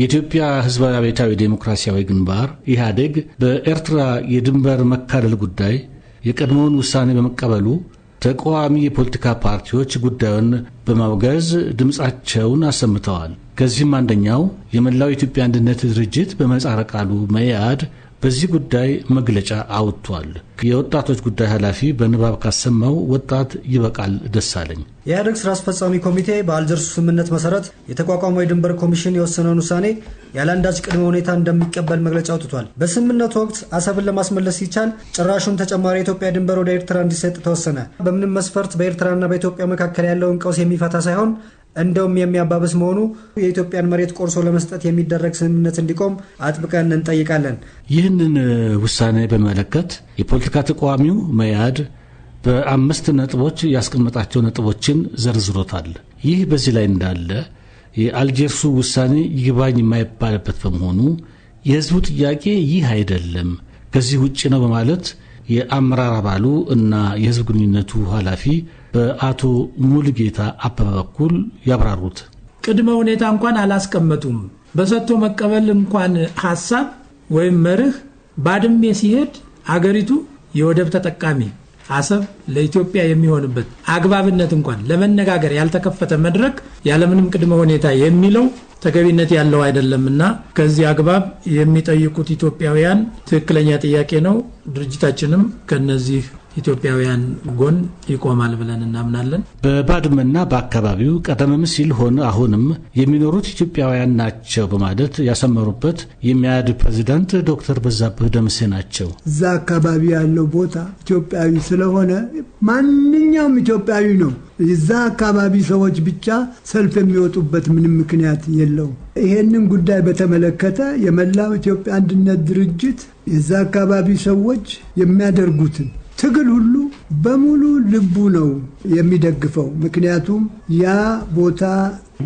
የኢትዮጵያ ህዝባዊ አብዮታዊ ዴሞክራሲያዊ ግንባር ኢህአዴግ በኤርትራ የድንበር መካለል ጉዳይ የቀድሞውን ውሳኔ በመቀበሉ ተቃዋሚ የፖለቲካ ፓርቲዎች ጉዳዩን በማውገዝ ድምፃቸውን አሰምተዋል። ከዚህም አንደኛው የመላው ኢትዮጵያ አንድነት ድርጅት በምህጻረ ቃሉ በዚህ ጉዳይ መግለጫ አውጥቷል። የወጣቶች ጉዳይ ኃላፊ በንባብ ካሰማው ወጣት ይበቃል ደሳለኝ የኢህአደግ ስራ አስፈጻሚ ኮሚቴ በአልጀርሱ ስምምነት መሰረት የተቋቋመው የድንበር ኮሚሽን የወሰነውን ውሳኔ ያለ አንዳች ቅድመ ሁኔታ እንደሚቀበል መግለጫ አውጥቷል። በስምምነቱ ወቅት አሰብን ለማስመለስ ሲቻል ጭራሹን ተጨማሪ የኢትዮጵያ ድንበር ወደ ኤርትራ እንዲሰጥ ተወሰነ። በምንም መስፈርት በኤርትራና በኢትዮጵያ መካከል ያለውን ቀውስ የሚፈታ ሳይሆን እንደውም የሚያባብስ መሆኑ የኢትዮጵያን መሬት ቆርሶ ለመስጠት የሚደረግ ስምምነት እንዲቆም አጥብቀን እንጠይቃለን። ይህንን ውሳኔ በመለከት የፖለቲካ ተቃዋሚው መያድ በአምስት ነጥቦች ያስቀመጣቸው ነጥቦችን ዘርዝሮታል። ይህ በዚህ ላይ እንዳለ የአልጀርሱ ውሳኔ ይግባኝ የማይባልበት በመሆኑ የህዝቡ ጥያቄ ይህ አይደለም፣ ከዚህ ውጭ ነው በማለት የአመራር አባሉ እና የህዝብ ግንኙነቱ ኃላፊ በአቶ ሙሉጌታ አበበ በኩል ያብራሩት ቅድመ ሁኔታ እንኳን አላስቀመጡም። በሰጥቶ መቀበል እንኳን ሀሳብ ወይም መርህ ባድሜ ሲሄድ አገሪቱ የወደብ ተጠቃሚ አሰብ ለኢትዮጵያ የሚሆንበት አግባብነት እንኳን ለመነጋገር ያልተከፈተ መድረክ ያለምንም ቅድመ ሁኔታ የሚለው ተገቢነት ያለው አይደለምና ከዚህ አግባብ የሚጠይቁት ኢትዮጵያውያን ትክክለኛ ጥያቄ ነው። ድርጅታችንም ከነዚህ ኢትዮጵያውያን ጎን ይቆማል ብለን እናምናለን። በባድመና በአካባቢው ቀደምም ሲል ሆነ አሁንም የሚኖሩት ኢትዮጵያውያን ናቸው በማለት ያሰመሩበት የሚያድ ፕሬዚዳንት ዶክተር በዛብህ ደምሴ ናቸው። እዛ አካባቢ ያለው ቦታ ኢትዮጵያዊ ስለሆነ ማንኛውም ኢትዮጵያዊ ነው። የዛ አካባቢ ሰዎች ብቻ ሰልፍ የሚወጡበት ምንም ምክንያት የለውም። ይሄንን ጉዳይ በተመለከተ የመላው ኢትዮጵያ አንድነት ድርጅት የዛ አካባቢ ሰዎች የሚያደርጉትን ትግል ሁሉ በሙሉ ልቡ ነው የሚደግፈው። ምክንያቱም ያ ቦታ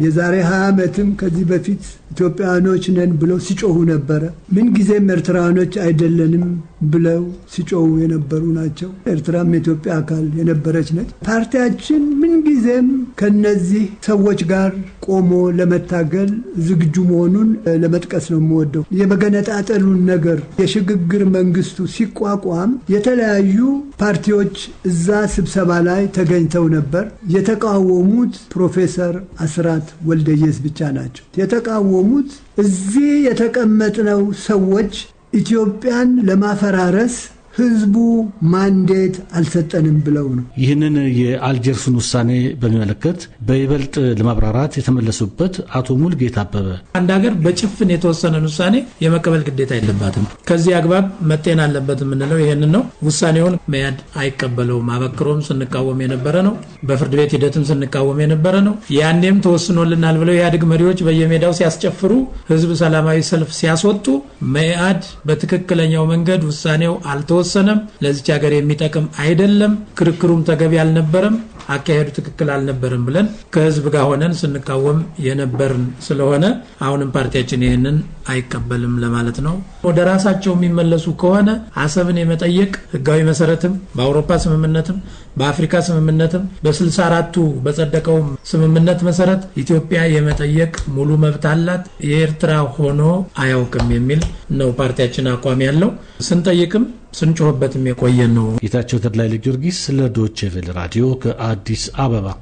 የዛሬ 20 ዓመትም ከዚህ በፊት ኢትዮጵያኖች ነን ብለው ሲጮሁ ነበረ። ምንጊዜም ኤርትራኖች አይደለንም ብለው ሲጮሁ የነበሩ ናቸው። ኤርትራም የኢትዮጵያ አካል የነበረች ነች። ፓርቲያችን ምንጊዜም ከነዚህ ሰዎች ጋር ቆሞ ለመታገል ዝግጁ መሆኑን ለመጥቀስ ነው የምወደው። የመገነጣጠሉን ነገር የሽግግር መንግስቱ ሲቋቋም የተለያዩ ፓርቲዎች እዛ ስብሰባ ላይ ተገኝተው ነበር። የተቃወሙት ፕሮፌሰር አስራ። አባት ወልደየስ ብቻ ናቸው። የተቃወሙት እዚህ የተቀመጥነው ሰዎች ኢትዮጵያን ለማፈራረስ ህዝቡ ማንዴት አልሰጠንም ብለው ነው። ይህንን የአልጀርሱን ውሳኔ በሚመለከት በይበልጥ ለማብራራት የተመለሱበት አቶ ሙልጌታ አበበ አንድ ሀገር በጭፍን የተወሰነን ውሳኔ የመቀበል ግዴታ የለባትም። ከዚህ አግባብ መጤን አለበት የምንለው ይህንን ነው። ውሳኔውን መያድ አይቀበለውም። አበክሮም ስንቃወም የነበረ ነው። በፍርድ ቤት ሂደትም ስንቃወም የነበረ ነው። ያኔም ተወስኖልናል ብለው ኢህአዴግ መሪዎች በየሜዳው ሲያስጨፍሩ፣ ህዝብ ሰላማዊ ሰልፍ ሲያስወጡ መያድ በትክክለኛው መንገድ ውሳኔው አልተወሰ አልተወሰነም፣ ለዚች ሀገር የሚጠቅም አይደለም፣ ክርክሩም ተገቢ አልነበረም፣ አካሄዱ ትክክል አልነበረም ብለን ከህዝብ ጋር ሆነን ስንቃወም የነበርን ስለሆነ አሁንም ፓርቲያችን ይህንን አይቀበልም ለማለት ነው። ወደ ራሳቸው የሚመለሱ ከሆነ አሰብን የመጠየቅ ህጋዊ መሰረትም በአውሮፓ ስምምነትም በአፍሪካ ስምምነትም በስልሳ አራቱ በጸደቀው ስምምነት መሰረት ኢትዮጵያ የመጠየቅ ሙሉ መብት አላት። የኤርትራ ሆኖ አያውቅም የሚል ነው ፓርቲያችን አቋም ያለው። ስንጠይቅም ስንጮህበትም የቆየ ነው። ጌታቸው ተድላይ ለጊዮርጊስ ለዶቼ ቬለ ራዲዮ ከአዲስ አበባ